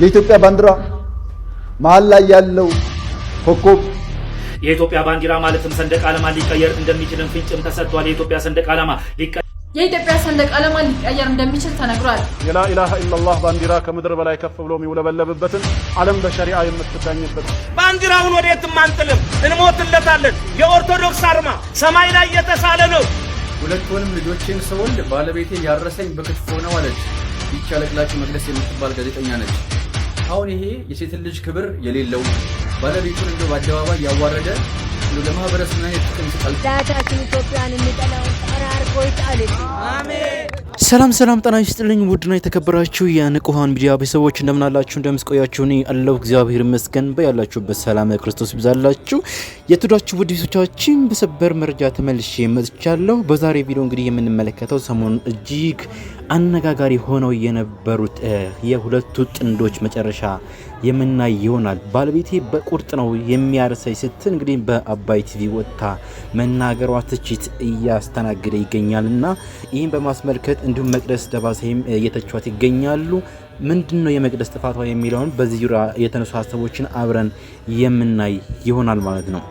የኢትዮጵያ ባንዲራ መሀል ላይ ያለው ኮከብ የኢትዮጵያ ባንዲራ ማለትም ሰንደቅ ዓላማ ሊቀየር እንደሚችልም ፍንጭም ተሰጥቷል። የኢትዮጵያ ሰንደቅ ዓላማ የኢትዮጵያ ሰንደቅ ዓላማ ሊቀየር እንደሚችል ተነግሯል። የላኢላሃ ኢላላህ ባንዲራ ከምድር በላይ ከፍ ብሎ የሚውለበለብበትን ዓለም በሸሪዓ የምትዳኝበት ባንዲራውን ወዴትም አንጥልም፣ እንሞትለታለን። የኦርቶዶክስ አርማ ሰማይ ላይ የተሳለ ነው። ሁለቱንም ልጆቼን ስወልድ ባለቤቴ ያረሰኝ በክትፎ ነው አለች። ይቻለቅላችሁ መቅደስ የምትባል ጋዜጠኛ ነች። አሁን ይሄ የሴት ልጅ ክብር የሌለው ባለቤቱን እንደ በአደባባይ ያዋረደ ለማህበረሰብ ምን አይነት ጥቅም ስጠል ዳታችን ኢትዮጵያን የሚጠላው ጠራርቆ ይጣል። አሜን ሰላም ሰላም ጤና ይስጥልኝ ውድና የተከበራችሁ የንቁሃን ሚዲያ ቤተሰቦች እንደምናላችሁ እንደምስቆያችሁ እኔ አለሁ እግዚአብሔር ይመስገን። በያላችሁበት ሰላም ክርስቶስ ይብዛላችሁ። የትዳችሁ ውድ ቤቶቻችን በሰበር መረጃ ተመልሼ መጥቻለሁ። በዛሬ ቪዲዮ እንግዲህ የምንመለከተው ሰሞኑን እጅግ አነጋጋሪ ሆነው የነበሩት የሁለቱ ጥንዶች መጨረሻ የምናይ ይሆናል። ባለቤቴ በቁርጥ ነው የሚያርሰኝ ስትል እንግዲህ በአባይ ቲቪ ወጥታ መናገሯ ትችት እያስተናገደ ይገኛል እና ይህን በማስመልከት እንዲሁም መቅደስ ደባሳይም እየተቿት ይገኛሉ። ምንድን ነው የመቅደስ ጥፋቷ የሚለውን በዚህ ዙሪያ የተነሱ ሀሳቦችን አብረን የምናይ ይሆናል ማለት ነው።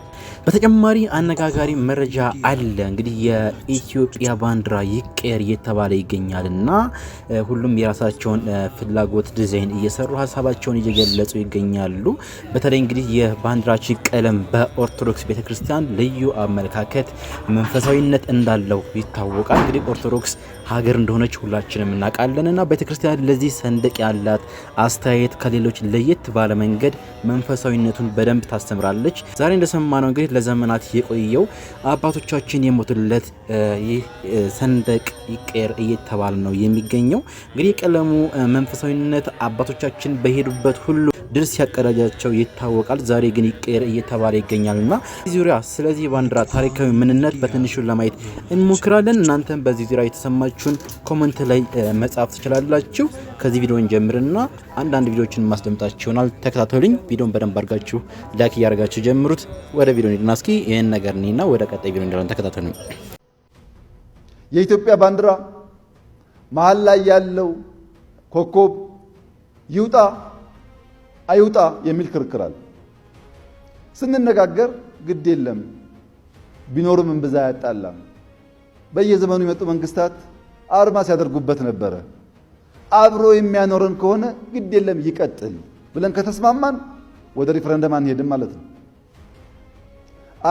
በተጨማሪ አነጋጋሪ መረጃ አለ። እንግዲህ የኢትዮጵያ ባንዲራ ይቀየር እየተባለ ይገኛል እና ሁሉም የራሳቸውን ፍላጎት ዲዛይን እየሰሩ ሀሳባቸውን እየገለጹ ይገኛሉ። በተለይ እንግዲህ የባንዲራችን ቀለም በኦርቶዶክስ ቤተክርስቲያን ልዩ አመለካከት መንፈሳዊነት እንዳለው ይታወቃል። እንግዲህ ኦርቶዶክስ ሀገር እንደሆነች ሁላችንም እናውቃለን እና ቤተክርስቲያን ለዚህ ሰንደቅ ያላት አስተያየት ከሌሎች ለየት ባለ መንገድ መንፈሳዊነቱን በደንብ ታስተምራለች። ዛሬ እንደሰማነው እንግዲህ ለዘመናት የቆየው አባቶቻችን የሞቱለት ይህ ሰንደቅ ይቀየር እየተባለ ነው የሚገኘው። እንግዲህ የቀለሙ መንፈሳዊነት አባቶቻችን በሄዱበት ሁሉ ድርስ ያቀዳጃቸው ይታወቃል። ዛሬ ግን ይቀየር እየተባለ ይገኛል እና ዙሪያ ስለዚህ ባንዲራ ታሪካዊ ምንነት በትንሹ ለማየት እንሞክራለን። እናንተም በዚህ ዙሪያ የተሰማ። አስተያየቶቹን ኮመንት ላይ መጻፍ ትችላላችሁ። ከዚህ ቪዲዮን ጀምርና አንዳንድ ቪዲዮዎችን ማስደምጣችሁ ይሆናል። ተከታተሉኝ። ቪዲዮን በደንብ አድርጋችሁ ላይክ እያደርጋችሁ ጀምሩት። ወደ ቪዲዮ ሄድና እስኪ ይህን ነገር እኔና ወደ ቀጣይ ቪዲዮ እንዳለን ተከታተሉኝ። የኢትዮጵያ ባንዲራ መሀል ላይ ያለው ኮከብ ይውጣ አይውጣ የሚል ክርክር አለ። ስንነጋገር ግድ የለም ቢኖርም እምብዛ ያጣላ። በየዘመኑ የመጡ መንግስታት አርማ ሲያደርጉበት ነበረ። አብሮ የሚያኖረን ከሆነ ግድ የለም ይቀጥል ብለን ከተስማማን ወደ ሪፈረንደም አንሄድም ማለት ነው።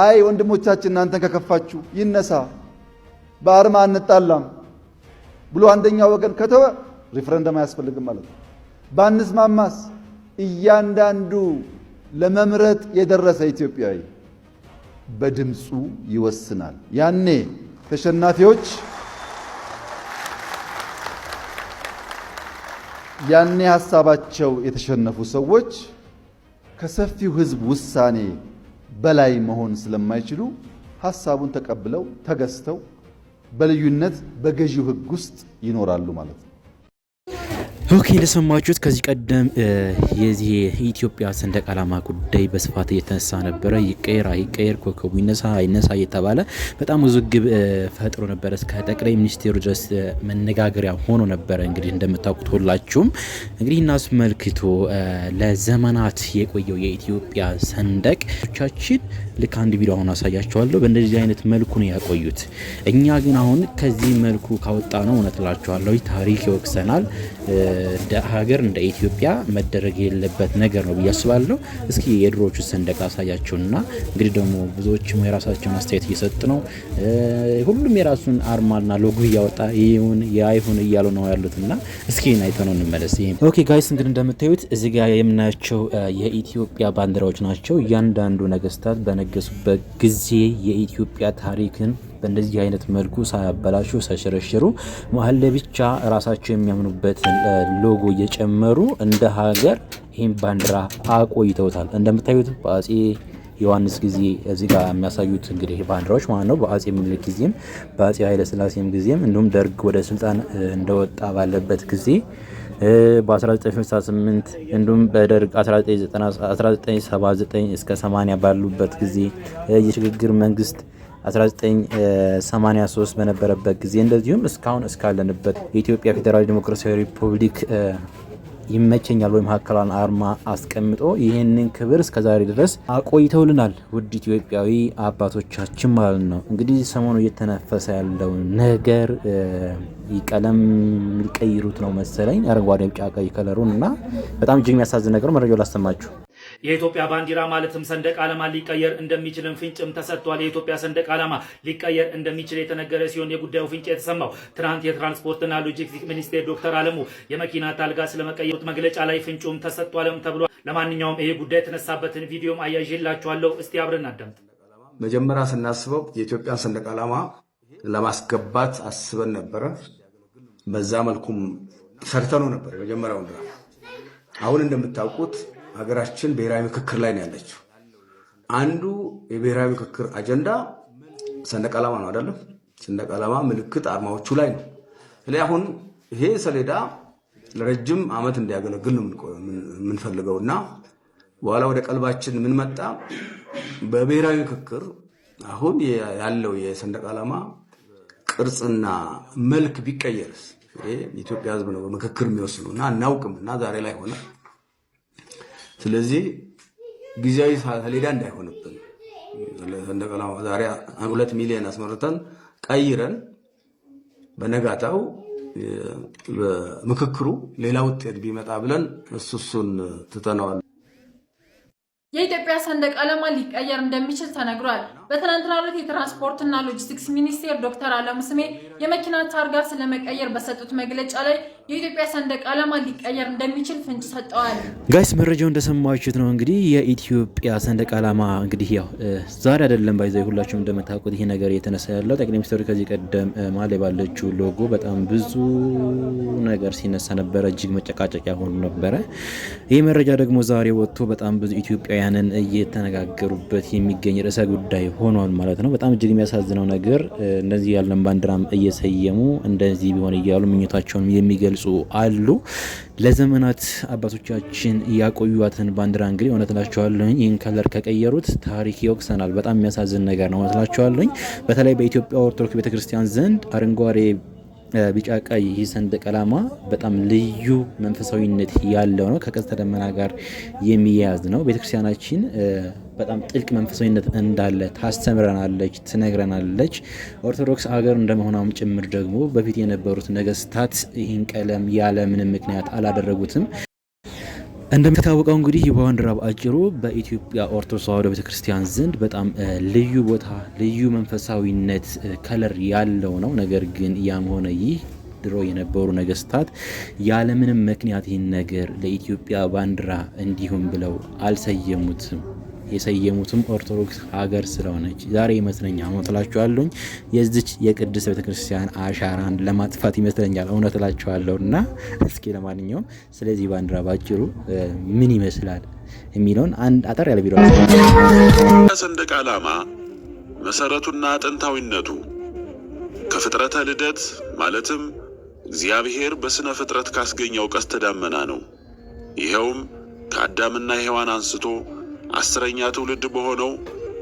አይ ወንድሞቻችን እናንተን ከከፋችሁ ይነሳ፣ በአርማ አንጣላም ብሎ አንደኛ ወገን ከተወ ሪፈረንደም አያስፈልግም ማለት ነው። ባንስማማስ እያንዳንዱ ለመምረጥ የደረሰ ኢትዮጵያዊ በድምፁ ይወስናል። ያኔ ተሸናፊዎች ያኔ ሀሳባቸው የተሸነፉ ሰዎች ከሰፊው ህዝብ ውሳኔ በላይ መሆን ስለማይችሉ ሀሳቡን ተቀብለው ተገዝተው በልዩነት በገዢው ህግ ውስጥ ይኖራሉ ማለት ነው። ኦኬ እንደሰማችሁት ከዚህ ቀደም የዚህ የኢትዮጵያ ሰንደቅ ዓላማ ጉዳይ በስፋት እየተነሳ ነበረ። ይቀየር አይቀየር፣ ኮከቡ ይነሳ አይነሳ እየተባለ በጣም ውዝግብ ፈጥሮ ነበረ። እስከ ጠቅላይ ሚኒስቴሩ ድረስ መነጋገሪያ ሆኖ ነበረ። እንግዲህ እንደምታውቁት ሁላችሁም እንግዲህ እና ለዘመናት የቆየው የኢትዮጵያ ሰንደቅ ቻችን ልክ አንድ ቪዲዮ አሁን አሳያቸዋለሁ። በእንደዚህ አይነት መልኩ ነው ያቆዩት። እኛ ግን አሁን ከዚህ መልኩ ካወጣ ነው እውነት ላቸዋለሁ ታሪክ ይወቅሰናል። እንደ ሀገር እንደ ኢትዮጵያ መደረግ የለበት ነገር ነው ብዬ አስባለሁ። እስኪ የድሮቹ ሰንደቅ አሳያቸውና እንግዲህ ደግሞ ብዙዎችም የራሳቸውን አስተያየት እየሰጡ ነው። ሁሉም የራሱን አርማና ሎጎ እያወጣ ይሁን አይሁን እያሉ ነው ያሉት እና እስኪ አይተ ነው እንመለስ። ኦኬ ጋይስ እንግዲህ እንደምታዩት እዚህ የምናያቸው የኢትዮጵያ ባንዲራዎች ናቸው። እያንዳንዱ ነገስታት በነ በነገሱበት ጊዜ የኢትዮጵያ ታሪክን በእንደዚህ አይነት መልኩ ሳያበላሹ ሳይሸረሽሩ መሀል ብቻ ራሳቸው የሚያምኑበትን ሎጎ እየጨመሩ እንደ ሀገር ይህን ባንዲራ አቆይተውታል። እንደምታዩት በአፄ ዮሐንስ ጊዜ እዚህ ጋር የሚያሳዩት እንግዲህ ባንዲራዎች ማለት ነው። በአጼ ምኒልክ ጊዜም በአጼ ኃይለስላሴም ጊዜም እንዲሁም ደርግ ወደ ስልጣን እንደወጣ ባለበት ጊዜ በ1968 እንዲሁም በደርግ 1979 እስከ 80 ባሉበት ጊዜ የሽግግር መንግስት 1983 በነበረበት ጊዜ እንደዚሁም እስካሁን እስካለንበት የኢትዮጵያ ፌዴራል ዴሞክራሲያዊ ሪፑብሊክ ይመቸኛል ወይም ሀከላን አርማ አስቀምጦ ይህንን ክብር እስከዛሬ ድረስ አቆይተውልናል ውድ ኢትዮጵያዊ አባቶቻችን ማለት ነው። እንግዲህ ሰሞኑ እየተነፈሰ ያለው ነገር ቀለም ሊቀይሩት ነው መሰለኝ አረንጓዴ፣ ቢጫ፣ ቀይ ከለሩን እና በጣም እጅግ የሚያሳዝን ነገር መረጃው ላሰማችሁ። የኢትዮጵያ ባንዲራ ማለትም ሰንደቅ ዓላማ ሊቀየር እንደሚችልም ፍንጭም ተሰጥቷል። የኢትዮጵያ ሰንደቅ ዓላማ ሊቀየር እንደሚችል የተነገረ ሲሆን የጉዳዩ ፍንጭ የተሰማው ትናንት የትራንስፖርትና ሎጂስቲክስ ሚኒስቴር ዶክተር አለሙ የመኪና ታልጋ ስለመቀየሩት መግለጫ ላይ ፍንጩም ተሰጥቷልም ተብሏል። ለማንኛውም ይህ ጉዳይ የተነሳበትን ቪዲዮም አያይዤላችኋለሁ። እስቲ አብረን አዳምጥ። መጀመሪያ ስናስበው የኢትዮጵያን ሰንደቅ ዓላማ ለማስገባት አስበን ነበረ። በዛ መልኩም ሰርተነው ነበር የመጀመሪያውን ድራ አሁን እንደምታውቁት ሀገራችን ብሔራዊ ምክክር ላይ ነው ያለችው። አንዱ የብሔራዊ ምክክር አጀንዳ ሰንደቅ ዓላማ ነው አይደለም? ሰንደቅ ዓላማ ምልክት አርማዎቹ ላይ ነው። ስለዚህ አሁን ይሄ ሰሌዳ ለረጅም ዓመት እንዲያገለግል ነው የምንፈልገው እና በኋላ ወደ ቀልባችን የምንመጣ በብሔራዊ ምክክር አሁን ያለው የሰንደቅ ዓላማ ቅርጽና መልክ ቢቀየርስ? ኢትዮጵያ ሕዝብ ነው በምክክር የሚወስኑ እና እናውቅም እና ዛሬ ላይ ሆነ ስለዚህ ጊዜያዊ ሰሌዳ እንዳይሆንብን ሰንደቅ ዛሬ ሁለት ሚሊዮን አስመርተን ቀይረን በነጋታው ምክክሩ ሌላ ውጤት ቢመጣ ብለን እሱ እሱን ትተነዋል። የኢትዮጵያ ሰንደቅ ዓላማ ሊቀየር እንደሚችል ተነግሯል። በትናንትናው ዕለት የትራንስፖርትና ሎጂስቲክስ ሚኒስቴር ዶክተር አለሙ ስሜ የመኪና ታርጋ ስለመቀየር በሰጡት መግለጫ ላይ የኢትዮጵያ ሰንደቅ ዓላማ ሊቀየር እንደሚችል ፍንጭ ሰጠዋል። ጋይስ መረጃው እንደሰማችሁት ነው። እንግዲህ የኢትዮጵያ ሰንደቅ ዓላማ እንግዲህ ያው ዛሬ አይደለም ባይዘ ሁላችሁም እንደምታውቁት ይሄ ነገር እየተነሳ ያለው ጠቅላይ ሚኒስትሩ ከዚህ ቀደም ማለ ባለችው ሎጎ በጣም ብዙ ነገር ሲነሳ ነበረ። እጅግ መጨቃጨቂያ ሆኑ ነበረ። ይህ መረጃ ደግሞ ዛሬ ወጥቶ በጣም ብዙ ኢትዮጵያውያንን እየተነጋገሩበት የሚገኝ ርዕሰ ጉዳይ ሆኗል ማለት ነው። በጣም እጅግ የሚያሳዝነው ነገር እንደዚህ ያለን ባንዲራም እየሰየሙ እንደዚህ ቢሆን እያሉ ምኞታቸውን የሚገልጹ አሉ። ለዘመናት አባቶቻችን ያቆዩትን ባንዲራ እንግዲህ እውነት ላቸዋለኝ ይህን ከለር ከቀየሩት ታሪክ ይወቅሰናል። በጣም የሚያሳዝን ነገር ነው። እውነት ላቸዋለኝ በተለይ በኢትዮጵያ ኦርቶዶክስ ቤተክርስቲያን ዘንድ አረንጓዴ ቢጫ ቀይ ይህ ሰንደቅ ዓላማ በጣም ልዩ መንፈሳዊነት ያለው ነው። ከቀስተ ደመና ጋር የሚያያዝ ነው። ቤተክርስቲያናችን በጣም ጥልቅ መንፈሳዊነት እንዳለ ታስተምረናለች፣ ትነግረናለች። ኦርቶዶክስ ሀገር እንደመሆኗም ጭምር ደግሞ በፊት የነበሩት ነገስታት ይህን ቀለም ያለ ምንም ምክንያት አላደረጉትም። እንደሚታወቀው እንግዲህ ባንዲራ በአጭሩ በኢትዮጵያ ኦርቶዶክስ ተዋሕዶ ቤተክርስቲያን ዘንድ በጣም ልዩ ቦታ ልዩ መንፈሳዊነት ከለር ያለው ነው። ነገር ግን ያም ሆነ ይህ ድሮ የነበሩ ነገስታት ያለምንም ምክንያት ይህን ነገር ለኢትዮጵያ ባንዲራ እንዲሁም ብለው አልሰየሙትም። የሰየሙትም ኦርቶዶክስ ሀገር ስለሆነች ዛሬ ይመስለኛል እውነት እላችኋለሁ የዚች የቅድስት ቤተክርስቲያን አሻራን ለማጥፋት ይመስለኛል እውነት እላችኋለሁ። እና እስኪ ለማንኛውም ስለዚህ ባንዲራ ባጭሩ ምን ይመስላል የሚለውን አንድ አጠር ያለ ቢሮ ሰንደቅ ዓላማ መሰረቱና ጥንታዊነቱ ከፍጥረተ ልደት ማለትም እግዚአብሔር በሥነ ፍጥረት ካስገኘው ቀስተ ደመና ነው። ይኸውም ከአዳምና ሔዋን አንስቶ አስረኛ ትውልድ በሆነው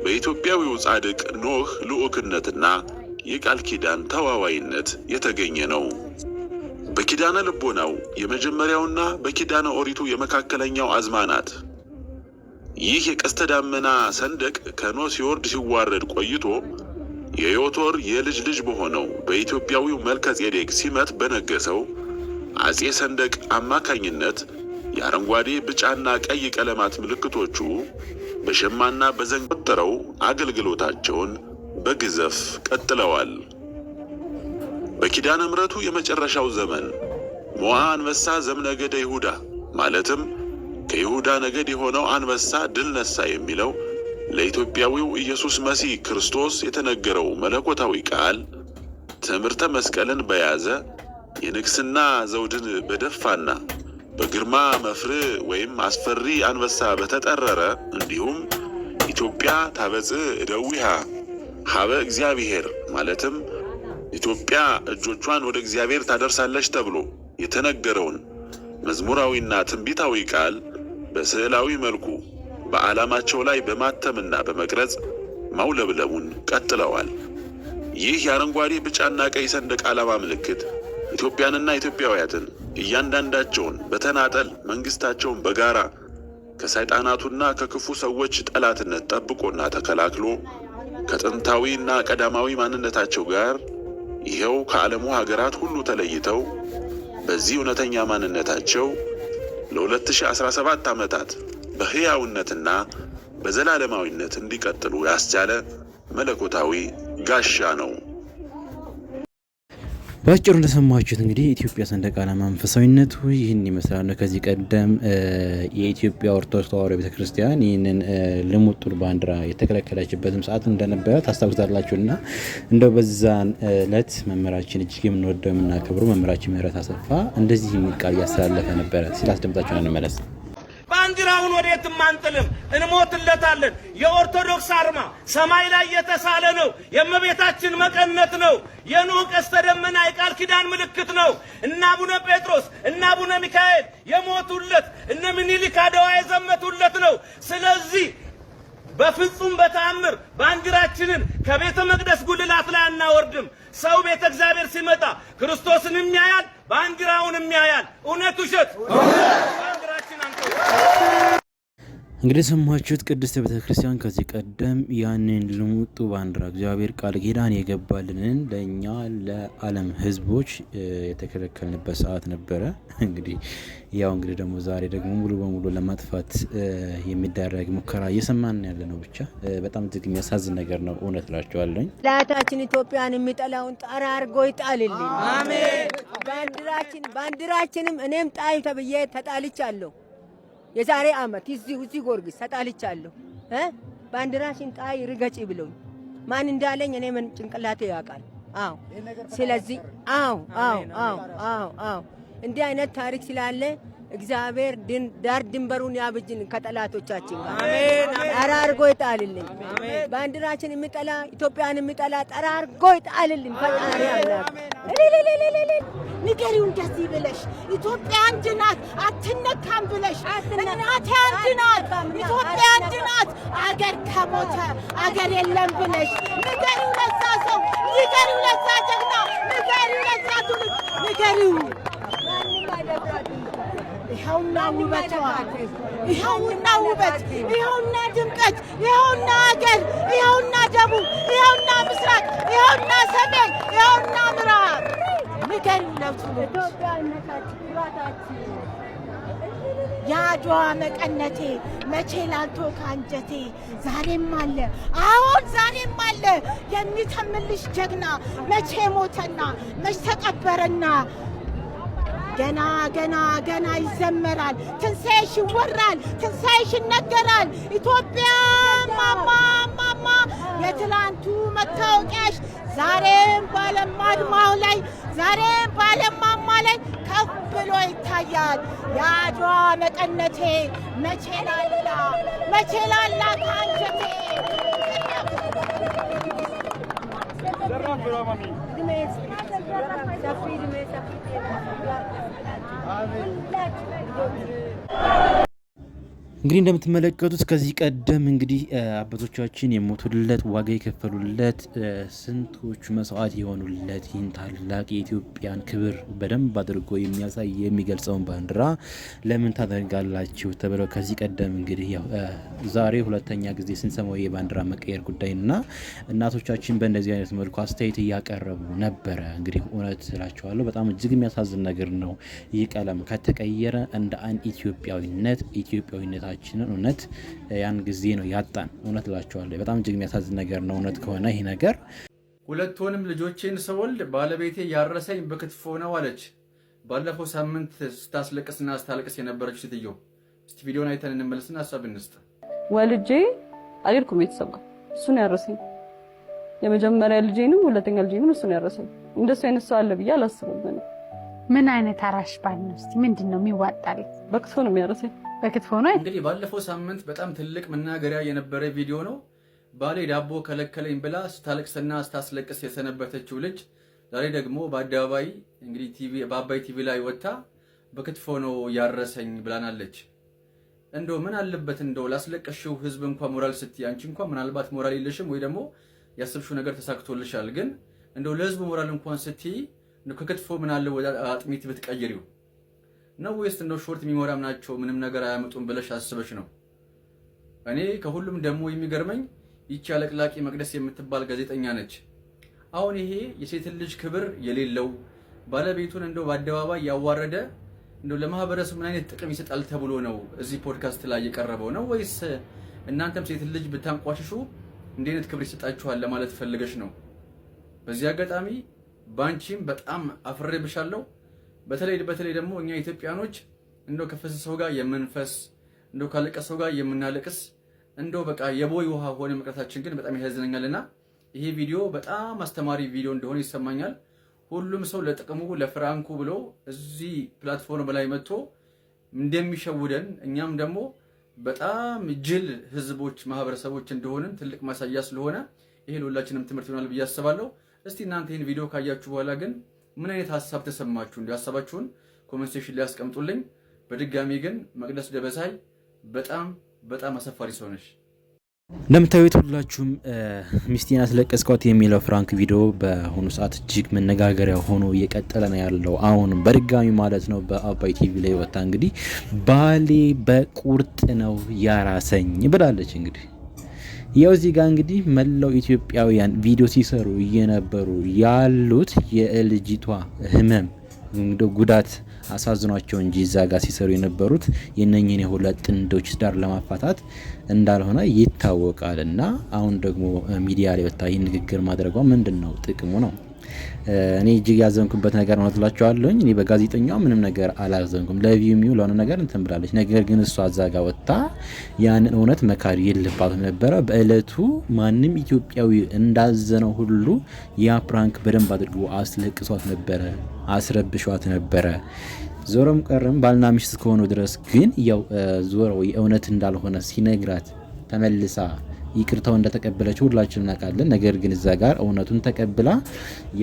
በኢትዮጵያዊው ጻድቅ ኖህ ልዑክነትና የቃል ኪዳን ተዋዋይነት የተገኘ ነው። በኪዳነ ልቦናው የመጀመሪያውና በኪዳነ ኦሪቱ የመካከለኛው አዝማናት። ይህ የቀስተ ደመና ሰንደቅ ከኖህ ሲወርድ ሲዋረድ ቆይቶ የዮቶር የልጅ ልጅ በሆነው በኢትዮጵያዊው መልከ ጼዴቅ ሲመት በነገሰው አጼ ሰንደቅ አማካኝነት የአረንጓዴ ቢጫና ቀይ ቀለማት ምልክቶቹ በሸማና በዘንግ ቆጥረው አገልግሎታቸውን በግዘፍ ቀጥለዋል። በኪዳነ ምሕረቱ የመጨረሻው ዘመን ሞዓ አንበሳ ዘምነገደ ይሁዳ ማለትም ከይሁዳ ነገድ የሆነው አንበሳ ድል ነሳ የሚለው ለኢትዮጵያዊው ኢየሱስ መሲህ ክርስቶስ የተነገረው መለኮታዊ ቃል ትምህርተ መስቀልን በያዘ የንግሥና ዘውድን በደፋና በግርማ መፍር ወይም አስፈሪ አንበሳ በተጠረረ እንዲሁም ኢትዮጵያ ታበጽእ እደዊሃ ሀበ እግዚአብሔር ማለትም ኢትዮጵያ እጆቿን ወደ እግዚአብሔር ታደርሳለች ተብሎ የተነገረውን መዝሙራዊና ትንቢታዊ ቃል በስዕላዊ መልኩ በዓላማቸው ላይ በማተምና በመቅረጽ ማውለብለቡን ቀጥለዋል። ይህ የአረንጓዴ ቢጫና ቀይ ሰንደቅ ዓላማ ምልክት ኢትዮጵያንና ኢትዮጵያውያትን እያንዳንዳቸውን በተናጠል መንግስታቸውን በጋራ ከሰይጣናቱና ከክፉ ሰዎች ጠላትነት ጠብቆና ተከላክሎ ከጥንታዊና ቀዳማዊ ማንነታቸው ጋር ይኸው ከዓለሙ ሀገራት ሁሉ ተለይተው በዚህ እውነተኛ ማንነታቸው ለ2017 ዓመታት በሕያውነትና በዘላለማዊነት እንዲቀጥሉ ያስቻለ መለኮታዊ ጋሻ ነው። በአጭሩ እንደሰማችሁት እንግዲህ ኢትዮጵያ ሰንደቅ ዓላማ መንፈሳዊነቱ ይህን ይመስላል። ከዚህ ቀደም የኢትዮጵያ ኦርቶዶክስ ተዋሕዶ ቤተክርስቲያን ይህንን ልሙጥ ጡር ባንዲራ የተከለከለችበትም ሰዓት እንደነበረ ታስታውሳላችሁ እና እንደው በዛን እለት መምህራችን እጅግ የምንወደው የምናከብሩ መምህራችን ምህረት አሰፋ እንደዚህ የሚል ቃል እያስተላለፈ ነበረ ሲል አስደምጣችሁን እንመለስ። ባንዲራውን ወዴትም አንጥልም፣ እንሞትለታለን። የኦርቶዶክስ አርማ ሰማይ ላይ የተሳለ ነው። የእመቤታችን መቀነት ነው። የኖኅ ቀስተ ደመና የቃል ኪዳን ምልክት ነው። እነ አቡነ ጴጥሮስ እነ አቡነ ሚካኤል የሞቱለት፣ እነ ምኒልክ አድዋ የዘመቱለት ነው። ስለዚህ በፍጹም በተአምር ባንዲራችንን ከቤተ መቅደስ ጉልላት ላይ አናወርድም። ሰው ቤተ እግዚአብሔር ሲመጣ ክርስቶስን የሚያያል ባንዲራውን የሚያያል እውነት ውሸት እንግዲህ ሰማችሁት ቅድስት ቤተ ክርስቲያን ከዚህ ቀደም ያንን ልሙጡ ባንዲራ እግዚአብሔር ቃል ኪዳን የገባልንን ለእኛ ለዓለም ሕዝቦች የተከለከልንበት ሰዓት ነበረ። እንግዲህ ያው እንግዲህ ደግሞ ዛሬ ደግሞ ሙሉ በሙሉ ለማጥፋት የሚደረግ ሙከራ እየሰማን ያለ ነው። ብቻ በጣም እጅግ የሚያሳዝን ነገር ነው። እውነት እላቸዋለኝ። ላያታችን ኢትዮጵያን የሚጠላውን ጣራ አርጎ ይጣልልኝ። ባንዲራችን ባንዲራችንም እኔም ጣይ ተብዬ ተጣልቻለሁ። የዛሬ አመት እዚ እዚህ ጊዮርጊስ ተጣልቻለሁ። ባንዲራሽን ጣይ ርገጪ ብሎኝ ማን እንዳለኝ እኔ ምን ጭንቅላቴ ያውቃል። አዎ፣ ስለዚህ አዎ፣ አዎ፣ አዎ፣ አዎ እንዲህ አይነት ታሪክ ስላለ እግዚአብሔር ዳር ድንበሩን ያብጅን ከጠላቶቻችን ጋር ጠራርጎ ይጣልልን። ባንዲራችን የሚጠላ ኢትዮጵያን የሚጠላ ጠራርጎ ይጣልልን። ፈጣሪ ንገሪውን ደስ ብለሽ ኢትዮጵያ አንድ ናት አትነካም ብለሽ እናቴ አንድ ናት ኢትዮጵያ አንድ ናት አገር ከሞተ አገር የለም ብለሽ ንገሪው ለዛ ሰው ንገሪው ለዛ ጀግና ንገሪው ለዛ ትውልድ ንገሪው ይኸውና ውበቷ፣ ይኸውና ውበት፣ ይኸውና ድምቀት፣ ይኸውና አገር፣ ይኸውና ደቡብ፣ ይኸውና ምስራቅ፣ ይኸውና ሰሜን፣ ይኸውና ምዕራብ። ንገሪ ለትውልድ የአድዋ መቀነቴ መቼ ላልቶ ከአንጀቴ ዛሬም አለ፣ አዎን ዛሬም አለ የሚተምልሽ ጀግና መቼ ሞተና መች ተቀበረና ገና ገና ገና ይዘመራል። ትንሣኤሽ ይወራል። ትንሣኤሽ ይነገራል። ኢትዮጵያ ማማ ማማ የትላንቱ መታወቂያሽ ዛሬም በዓለም አድማው ላይ ዛሬም ባለማማ ማማ ላይ ከፍ ብሎ ይታያል። የአድዋ መቀነቴ መቼ ላላ መቼ ላላ ከአንጀቴ سفيد ما سفيد كلها እንግዲህ እንደምትመለከቱት ከዚህ ቀደም እንግዲህ አባቶቻችን የሞቱለት ዋጋ የከፈሉለት ስንቶቹ መስዋዕት የሆኑለት ይህን ታላቅ የኢትዮጵያን ክብር በደንብ አድርጎ የሚያሳይ የሚገልጸውን ባንዲራ ለምን ታደርጋላችሁ ተብለው ከዚህ ቀደም እንግዲህ ዛሬ ሁለተኛ ጊዜ ስንሰማው የባንዲራ መቀየር ጉዳይ ና እናቶቻችን በእንደዚህ አይነት መልኩ አስተያየት እያቀረቡ ነበረ። እንግዲህ እውነት ስላቸዋለሁ በጣም እጅግ የሚያሳዝን ነገር ነው። ይህ ቀለም ከተቀየረ እንደ አንድ ኢትዮጵያዊነት ኢትዮጵያዊነት ራሳችንን እውነት ያን ጊዜ ነው ያጣን። እውነት እላቸዋለሁ። በጣም እጅግ የሚያሳዝን ነገር ነው። እውነት ከሆነ ይህ ነገር ሁለቱንም ልጆቼን ስወልድ ባለቤቴ ያረሰኝ በክትፎ ነው አለች። ባለፈው ሳምንት ስታስለቅስና ስታለቅስ የነበረች ሴትዮ እስቲ ቪዲዮን አይተን እንመለስና ሀሳብ እንስጥ። ወልጄ አልሄድኩም ቤተሰብ ጋር። እሱን ያረሰኝ የመጀመሪያ ልጄንም ሁለተኛ ልጄንም እሱን ያረሰኝ። እንደሱ አይነት ሰው አለ ብዬ አላስብም። ምን አይነት አራሽ ባል ነው? እስኪ ምንድን ነው የሚዋጣል? በክትፎ ነው የሚያረሰኝ። በክትፎ ነው እንግዲህ። ባለፈው ሳምንት በጣም ትልቅ መናገሪያ የነበረ ቪዲዮ ነው። ባሌ ዳቦ ከለከለኝ ብላ ስታለቅስና ስታስለቅስ የሰነበተችው ልጅ ዛሬ ደግሞ በአደባባይ እንግዲህ በአባይ ቲቪ ላይ ወጥታ በክትፎ ነው ያረሰኝ ብላናለች። እንደው ምን አለበት እንደው ላስለቀሽው ህዝብ እንኳን ሞራል ስትይ አንቺ እንኳን ምናልባት ሞራል የለሽም ወይ ደግሞ ያሰብሽው ነገር ተሳክቶልሻል። ግን እንደው ለህዝቡ ሞራል እንኳን ስትይ ከክትፎ ምናለ ወደ አጥሚት ብትቀይሪው ነው ወይስ እንደው ሾርት ሚሞሪያም ናቸው ምንም ነገር አያመጡም ብለሽ አስበሽ ነው? እኔ ከሁሉም ደግሞ የሚገርመኝ ይቺ አለቅላቂ መቅደስ የምትባል ጋዜጠኛ ነች። አሁን ይሄ የሴትን ልጅ ክብር የሌለው ባለቤቱን እንደው በአደባባይ ያዋረደ እንደው ለማህበረሰቡ ምን አይነት ጥቅም ይሰጣል ተብሎ ነው እዚህ ፖድካስት ላይ የቀረበው ነው ወይስ እናንተም ሴትን ልጅ ብታንቋሽሹ እንዲህ አይነት ክብር ይሰጣችኋል ለማለት ፈልገሽ ነው? በዚህ አጋጣሚ ባንቺም በጣም አፍሬብሻለሁ። በተለይ በተለይ ደግሞ እኛ ኢትዮጵያኖች እንደው ከፈሰ ሰው ጋር የምንፈስ እንደው ካለቀ ሰው ጋር የምናለቅስ እንደው በቃ የቦይ ውሃ ሆነ መቅረታችን ግን በጣም ያሳዝነኛልና ይሄ ቪዲዮ በጣም አስተማሪ ቪዲዮ እንደሆነ ይሰማኛል። ሁሉም ሰው ለጥቅሙ ለፍራንኩ ብሎ እዚህ ፕላትፎርም ላይ መጥቶ እንደሚሸውደን እኛም ደግሞ በጣም ጅል ህዝቦች፣ ማህበረሰቦች እንደሆንን ትልቅ ማሳያ ስለሆነ ይሄ ለሁላችንም ትምህርት ይሆናል ብዬ አስባለሁ። እስቲ እናንተ ይህን ቪዲዮ ካያችሁ በኋላ ግን ምን አይነት ሀሳብ ተሰማችሁ? እንዲሁ ሀሳባችሁን ሴክሽን ላይ ያስቀምጡልኝ። በድጋሚ ግን መቅደስ ደበሳይ በጣም በጣም አሳፋሪ ሰው ነች። እንደምታዩት ሁላችሁም ሚስቴን አስለቀስኳት የሚለው ፍራንክ ቪዲዮ በአሁኑ ሰዓት እጅግ መነጋገሪያ ሆኖ እየቀጠለ ነው ያለው። አሁን በድጋሚ ማለት ነው በአባይ ቲቪ ላይ ወጣ እንግዲህ ባሌ በቁርጥ ነው ያራሰኝ ብላለች እንግዲህ ያው እዚህ ጋር እንግዲህ መላው ኢትዮጵያውያን ቪዲዮ ሲሰሩ እየነበሩ ያሉት የልጅቷ ህመም ጉዳት አሳዝኗቸው እንጂ እዛ ጋር ሲሰሩ የነበሩት የነኝን የሁለት ጥንዶች ዳር ለማፋታት እንዳልሆነ ይታወቃል። እና አሁን ደግሞ ሚዲያ ላይ ወጥታ ንግግር ማድረጓ ምንድን ነው ጥቅሙ ነው? እኔ እጅግ ያዘንኩበት ነገር ነው ትላቸዋለኝ። እኔ በጋዜጠኛ ምንም ነገር አላዘንኩም። ለቪው የሚው ለሆነ ነገር እንትን ብላለች። ነገር ግን እሷ አዛጋ ወጥታ ያንን እውነት መካድ የለባትም ነበረ። በእለቱ ማንም ኢትዮጵያዊ እንዳዘነው ሁሉ ያ ፕራንክ በደንብ አድርጎ አስለቅሷት ነበረ፣ አስረብሿት ነበረ። ዞረም ቀረም ባልና ሚስት እስከሆነው ድረስ ግን ያው ዞረው የእውነት እንዳልሆነ ሲነግራት ተመልሳ ይቅርታው እንደተቀበለች ሁላችን እናውቃለን። ነገር ግን እዛ ጋር እውነቱን ተቀብላ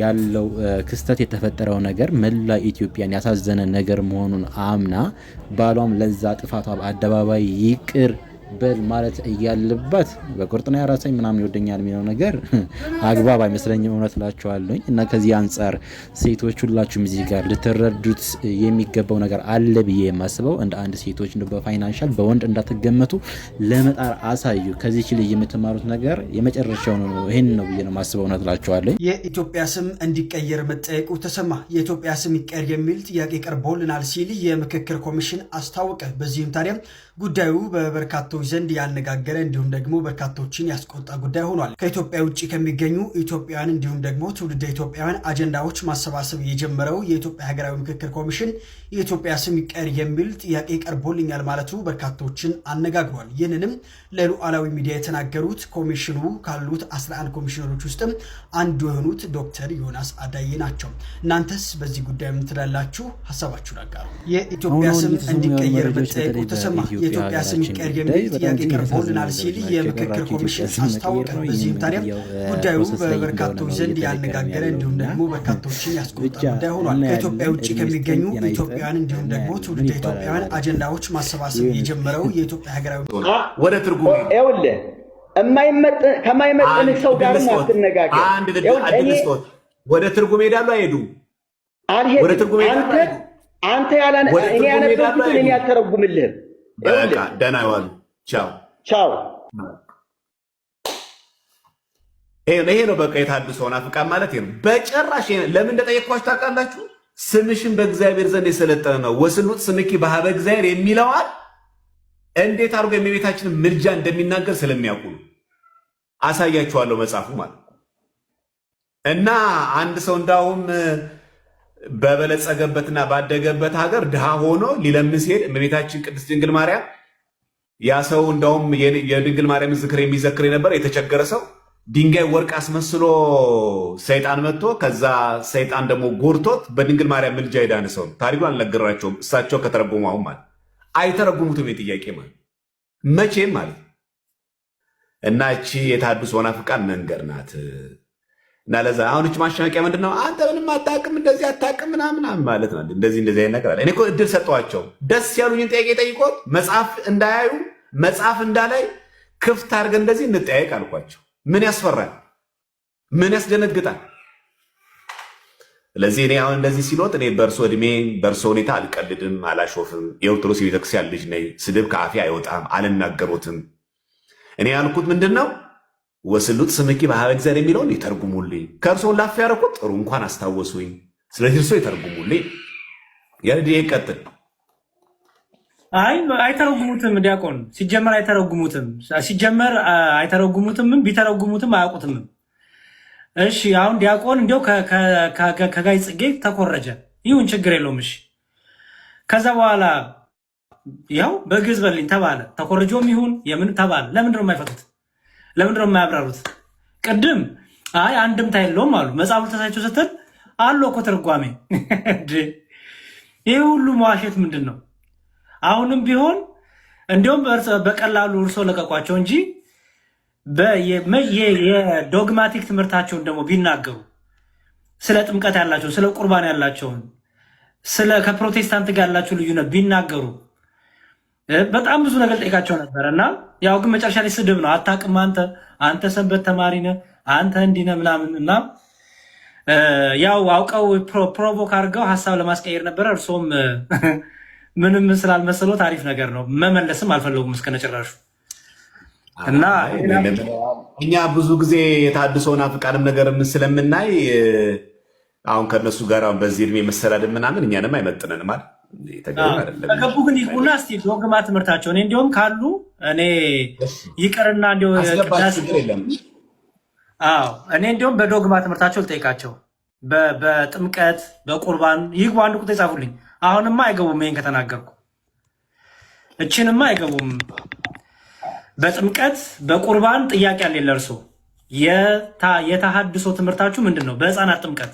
ያለው ክስተት የተፈጠረው ነገር መላ ኢትዮጵያን ያሳዘነ ነገር መሆኑን አምና ባሏም ለዛ ጥፋቷ አደባባይ ይቅር በል ማለት እያለባት በቁርጥና ያራሳኝ ምናምን ይወደኛል የሚለው ነገር አግባብ አይመስለኝም። እውነት ላቸዋለኝ እና ከዚህ አንጻር ሴቶች ሁላችሁም እዚህ ጋር ልትረዱት የሚገባው ነገር አለ ብዬ የማስበው እንደ አንድ ሴቶች እንደ በፋይናንሻል በወንድ እንዳትገመቱ ለመጣር አሳዩ። ከዚህ ልጅ የምትማሩት ነገር የመጨረሻው ነው። ይህን ነው ብዬ ነው የማስበው። እውነት ላቸዋለኝ የኢትዮጵያ ስም እንዲቀየር መጠየቁ ተሰማ። የኢትዮጵያ ስም ይቀየር የሚል ጥያቄ ቀርቦልናል ሲል የምክክር ኮሚሽን አስታወቀ። በዚህም ታዲያ ጉዳዩ በበርካቶች ዘንድ ያነጋገረ እንዲሁም ደግሞ በርካቶችን ያስቆጣ ጉዳይ ሆኗል። ከኢትዮጵያ ውጭ ከሚገኙ ኢትዮጵያውያን እንዲሁም ደግሞ ትውልደ ኢትዮጵያውያን አጀንዳዎች ማሰባሰብ የጀመረው የኢትዮጵያ ሀገራዊ ምክክር ኮሚሽን የኢትዮጵያ ስም ይቀር የሚል ጥያቄ ቀርቦልኛል ማለቱ በርካቶችን አነጋግሯል። ይህንንም ለሉዓላዊ ሚዲያ የተናገሩት ኮሚሽኑ ካሉት 11 ኮሚሽነሮች ውስጥም አንዱ የሆኑት ዶክተር ዮናስ አዳዬ ናቸው። እናንተስ በዚህ ጉዳይ የምትላላችሁ ትላላችሁ? ሀሳባችሁን አጋሩ። የኢትዮጵያ ስም እንዲቀየር መጠየቁ ተሰማ። የኢትዮጵያ ስም ይቀየር የሚል ጥያቄ ቀርቦልናል ሲል የምክክር ኮሚሽን አስታወቀ። በዚህም ታዲያ ጉዳዩ በበርካቶች ዘንድ ያነጋገረ እንዲሁም ደግሞ በርካቶችን ያስቆጣ ጉዳይ ሆኗል። ከኢትዮጵያ ውጭ ከሚገኙ ኢትዮጵያውያን እንዲሁም ደግሞ ትውልደ ኢትዮጵያውያን አጀንዳዎች ማሰባሰብ የጀመረው የኢትዮጵያ ሀገራዊ ወደ ትርጉም ይኸውልህ ከማይመጥንህ ሰው ጋር አትነጋገር። ወደ ትርጉም ሄዳሉ አይሄዱም አንተ ያላነ እኔ ያነበብኩትን እኔ አልተረጉምልህም። ደህና ይዋሉ። ቻው ቻው። ይሄ ነው በቃ የታድሶ ናፍቃን ማለት ነው። በጭራሽ ለምን እንደጠየቅኳችሁ ታውቃላችሁ? ስምሽን በእግዚአብሔር ዘንድ የሰለጠነ ነው። ወስኑት ስምኪ በሀበ እግዚአብሔር የሚለዋል እንዴት አድርጎ የሚቤታችንን ምልጃ እንደሚናገር ስለሚያውቁ ነው። አሳያችኋለሁ መጽሐፉ ማለት እና አንድ ሰው እንዳውም በበለጸገበትና ባደገበት ሀገር ድሃ ሆኖ ሊለምን ሲሄድ እመቤታችን ቅድስት ድንግል ማርያም ያ ሰው እንደውም የድንግል ማርያም ዝክር የሚዘክር የነበር የተቸገረ ሰው ድንጋይ ወርቅ አስመስሎ ሰይጣን መጥቶ ከዛ ሰይጣን ደግሞ ጎርቶት በድንግል ማርያም ምልጃ የዳነ ሰው ታሪኩ አልነገራቸውም። እሳቸው ከተረጎሙ አሁን ማለት አይተረጉሙትም። የጥያቄ ማለት መቼም ማለት እና እቺ የታዱስ ወናፍቃን መንገድ ናት። እና ለዛ አሁን እች ማሸነቂያ ምንድን ነው? አንተ ምንም አታውቅም፣ እንደዚህ አታውቅም ምናምን ማለት ነው። እንደዚህ እንደዚህ አይነት ነገር እኔ እኮ እድል ሰጠኋቸው። ደስ ያሉኝን ጥያቄ ጠይቆት መጽሐፍ እንዳያዩ መጽሐፍ እንዳላይ ክፍት አድርገ እንደዚህ እንጠያየቅ አልኳቸው። ምን ያስፈራል? ምን ያስደነግጣል? ስለዚህ እኔ አሁን እንደዚህ ሲሎት እኔ በእርሶ እድሜ በእርሶ ሁኔታ አልቀልድም፣ አላሾፍም። የኦርቶዶክስ ቤተክርስቲያን ልጅ ነኝ። ስድብ ከአፌ አይወጣም፣ አልናገሩትም እኔ ያልኩት ምንድን ነው ወስሉት ስምኪ በሀበ እግዚአብሔር የሚለውን ይተርጉሙልኝ። ከእርስዎን ላፍ ያደረኩት ጥሩ እንኳን አስታወሱኝ። ስለዚህ እርስዎ ይተርጉሙልኝ። ያንዲ ቀጥል። አይ አይተረጉሙትም፣ ዲያቆን ሲጀመር አይተረጉሙትም፣ ሲጀመር አይተረጉሙትም፣ ቢተረጉሙትም አያውቁትምም። እሺ አሁን ዲያቆን እንዲው ከጋይ ጽጌ ተኮረጀ፣ ይሁን ችግር የለውም። እሺ ከዛ በኋላ ያው በግዕዝ በልኝ ተባለ፣ ተኮርጆም ይሁን የምን ተባለ። ለምንድነው ነው የማይፈቱት? ለምንድን ነው የማያብራሩት? ቅድም አይ አንድምታ የለውም አሉ። መጽሐፉ ተሳቸው ስትል አሉ እኮ ትርጓሜ። ይህ ሁሉ መዋሸት ምንድን ነው? አሁንም ቢሆን እንዲሁም በቀላሉ እርሶ ለቀቋቸው እንጂ የዶግማቲክ ትምህርታቸውን ደግሞ ቢናገሩ ስለ ጥምቀት ያላቸውን ስለ ቁርባን ያላቸውን ስለ ከፕሮቴስታንት ጋር ያላቸው ልዩነት ቢናገሩ በጣም ብዙ ነገር ጠይቃቸው ነበረ እና ያው ግን መጨረሻ ላይ ስድብ ነው። አታውቅም አንተ አንተ ሰንበት ተማሪ ነህ አንተ እንዲህ ነህ ምናምን እና ያው አውቀው ፕሮቮክ አድርገው ሀሳብ ለማስቀየር ነበረ። እርሶም ምንም ስላልመሰሎት አሪፍ ነገር ነው። መመለስም አልፈለጉም እስከነጭራሹ እና እኛ ብዙ ጊዜ የታድሶውን ፍቃድም ነገርም ስለምናይ አሁን ከእነሱ ጋር በዚህ እድሜ መሰዳደብ ምናምን እኛንም አይመጥነንም። ተገቢ አይደለም። ከገቡ ግን ይሁና። እስኪ ዶግማ እኔ እንዲሁም ካሉ እኔ ይቅርና እንዲሁ እኔ እንዲሁም በዶግማ ትምህርታቸው ልጠይቃቸው በጥምቀት በቁርባን ይግቡ። አንድ ቁጥር ይጻፉልኝ። አሁንማ አይገቡም። ይሄን ከተናገርኩ እችንማ አይገቡም። በጥምቀት በቁርባን ጥያቄ አለ ለእርሶ። የተሃድሶ ትምህርታችሁ ምንድን ነው? በህፃናት ጥምቀት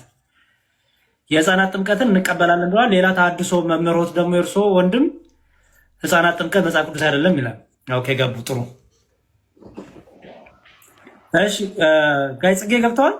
የህፃናት ጥምቀትን እንቀበላለን ብለዋል። ሌላ ተሃድሶ መምህሮት ደግሞ የእርሶ ወንድም ህፃናት ጥምቀት መጽሐፍ ቅዱስ አይደለም ይላል። ያው ከገቡ ጥሩ። እሺ፣ ጋይ ጽጌ ገብተዋል።